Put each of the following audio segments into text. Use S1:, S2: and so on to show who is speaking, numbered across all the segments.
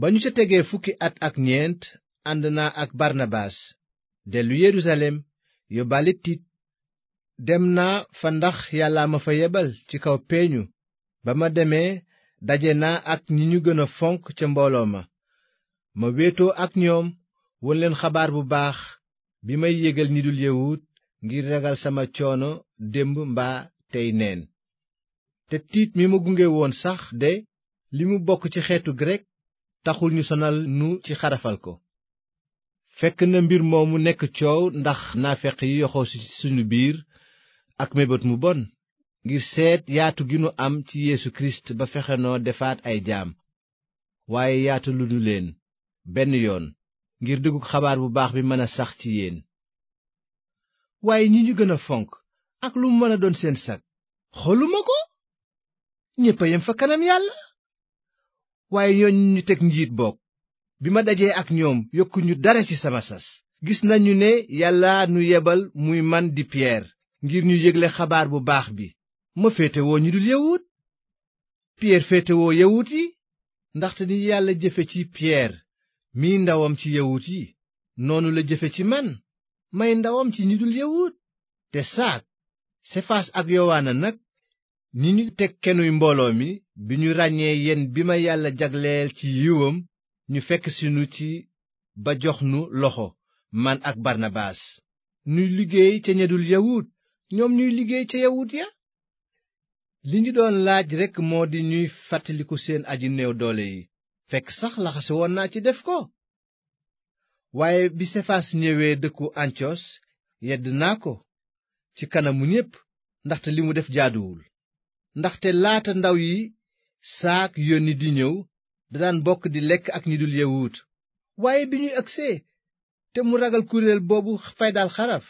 S1: ba ñu ca tegee fukki at ak ñeent ànd naa ak Barnabaas dellu Yerusalem yóbbaale tiit dem naa fa ndax Yàlla ma fa yebal ci kaw peeñu ba ma demee daje naa ak ñi ñu gën a fonk ca mbooloo ma ma wéetoo ak ñoom won xabaar bu baax bi may yégal ñi dul ngir ragal sama coono démb mbaa tey neen te tiit mi ma gunge woon sax de li mu bokk ci xeetu grek taxul ñu sonal nu ci xarafal ko fekk na mbir moomu nekk coow ndax naafeq yi yoxoo ci suñu biir ak mébét mu bon ngir seet yaatu gi nu am ci Yeesu Kirist ba fexenoo defaat ay jaam waaye yaatu lu nu leen benn yoon ngir dëggu xabaar bu baax bi mën a sax ci yéen waaye ñi ñu gën a fonk ak lu mu mën a doon seen sag xooluma ko ñéppa fa kanam yàlla waaye ñooñu ñu teg njiit bokk bi ma dajee ak ñoom yokkuñu dara ci sama sas gis nañu ne yàlla nu yebal muy man di Pierre ngir ñu yëgle xabaar bu baax bi ma féetewoo ñu dul yawut Pierre féetewoo yawut yi ndaxte ni yàlla jëfe ci Pierre mi ndawam ci yawut yi noonu la jëfe ci man may ndawam ci ñi dul yawut te saak Sefaas ak Yowaana nag ni ñu teg kenuy mbooloo mi bi ñu ràññee yenn bi ma yàlla jagleel ci yiwam ñu fekk sinu ci ba jox nu loxo man ak barnabaas ñuy liggéey ca ña dul yawut ñoom ñuy liggéey ca yawut ya li ñu doon laaj rekk moo di ñuy fàttaliku seen aji néew doole yi fekk sax laxase woon naa ci def ko waaye bi sefaas ñëwee dëkku antiyos yedd naa ko ci kanamu ñépp ndaxte li mu def jaaduwul ndaxte laata ndaw yi saak yónni di ñëw da daan bokk di lekk ak ñi dul yawut waaye bi ñu agsee te mu ragal kuréel boobu faydaal xaraf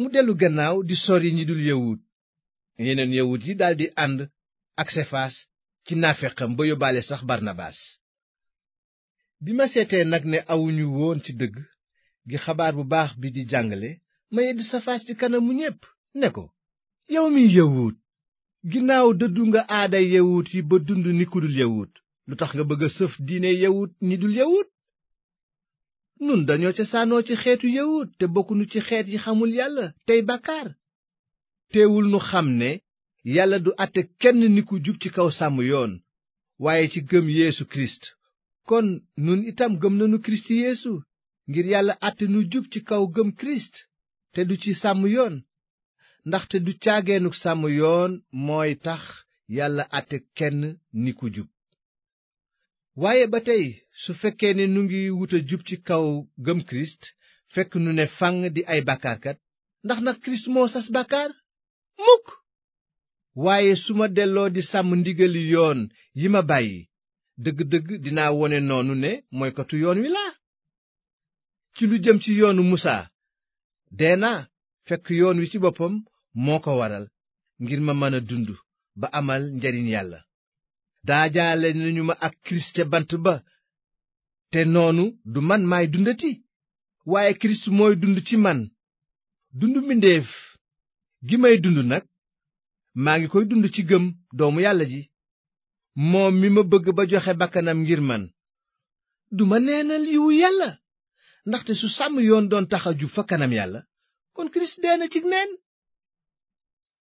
S1: mu dellu gannaaw di sori ñi dul yawut yeneen yawut yi daldi ànd ak sefaas ci naafeqam ba yóbbaale sax barnabaas bi ma seetee nag ne awuñu woon ci dëgg gi xabaar bu baax bi di jàngale ma yedd safaas ci kanamu ñépp ne ko yow mi yawut ginnaaw dëddu nga aada yawut yi ba dund ni dul yawut lu tax nga bëgg sëf diine yawut ni dul yawut nun dañoo ca sànnoo ci xeetu yawut te bokkunu ci xeet yi xamul yàlla tey bàkkaar teewul nu xam ne yàlla du àtte kenn niku jub ci kaw sàmm yoon waaye ci gëm yéesu kirist kon nun itam gëm nanu kirist yéesu ngir yàlla àtte nu jub ci kaw gëm kirist te du ci sàmm yoon ndaxte du caageenuk sàmm yoon mooy tax yàlla àtte kenn ni waaye ba tey su fekkee ne nu ngi wuta jub ci kaw gëm kirist fekk nu ne fànn di ay bàkkaarkat ndax na kirist moo sas bàkkaar mukk waaye su ma delloo di sàmm ndigali yoon yi ma bàyyi dëgg-dëgg dinaa wone noonu ne moykatu yoon wi laa ci lu jëm ci yoonu musaa dee naa fekk yoon wi ci boppam moo ko waral ngir ma mën a dund ba amal njariñ yàlla daajaale nañu ma ak kirist ca bant ba te noonu du man maay dundati waaye kirist mooy dund ci man dund mbindeef gi may dund nag maa ngi koy dund ci gëm doomu yàlla ji moom mi ma bëgg ba joxe bakkanam ngir man duma neenal yiwu yàlla ndaxte su sàmm yoon doon tax a jub fa kanam yàlla kon kirist dee na ci neen